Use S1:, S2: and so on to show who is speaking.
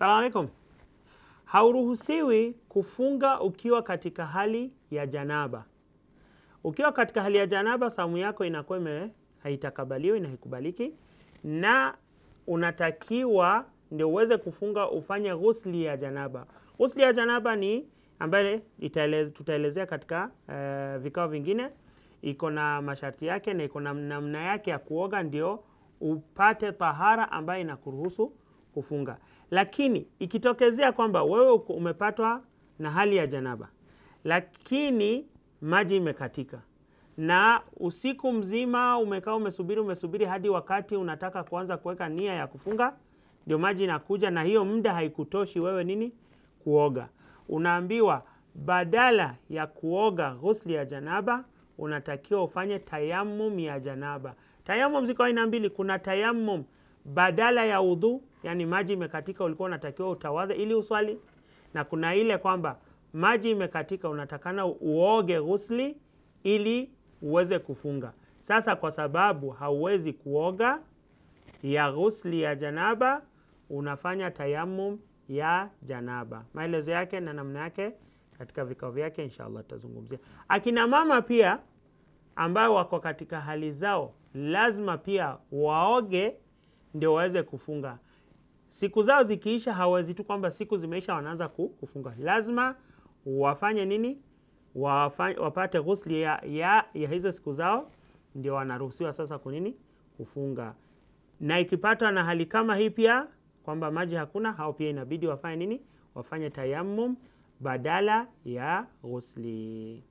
S1: Salamu alaikum. Hauruhusiwi kufunga ukiwa katika hali ya janaba. Ukiwa katika hali ya janaba, saumu yako inakuwa ime haitakabaliwi na haikubaliki, na unatakiwa ndio uweze kufunga ufanye ghusli ya janaba. Ghusli ya janaba ni ambaye tutaelezea katika uh, vikao vingine. Iko na masharti yake na iko na namna yake ya kuoga, ndio upate tahara ambayo inakuruhusu kufunga. Lakini ikitokezea kwamba wewe umepatwa na hali ya janaba, lakini maji imekatika na usiku mzima umekaa umesubiri umesubiri hadi wakati unataka kuanza kuweka nia ya kufunga, ndio maji inakuja, na hiyo muda haikutoshi wewe nini kuoga, unaambiwa badala ya kuoga ghusli ya janaba unatakiwa ufanye tayamum ya janaba. Tayamum ziko aina mbili, kuna tayamum badala ya udhu yani maji imekatika, ulikuwa unatakiwa utawadhe ili uswali, na kuna ile kwamba maji imekatika, unatakana uoge ghusli ili uweze kufunga. Sasa kwa sababu hauwezi kuoga ya ghusli ya janaba, unafanya tayamum ya janaba. Maelezo yake na namna yake katika vikao vyake inshallah tutazungumzia. Akina mama pia ambao wako katika hali zao lazima pia waoge ndio waweze kufunga siku zao zikiisha, hawezi tu kwamba siku zimeisha wanaanza kufunga. Lazima wafanye nini? Wafanya, wapate ghusli ya, ya, ya hizo siku zao, ndio wanaruhusiwa sasa kunini kufunga. Na ikipatwa na hali kama hii pia kwamba maji hakuna, hao pia inabidi wafanye nini? Wafanye tayamum badala ya ghusli.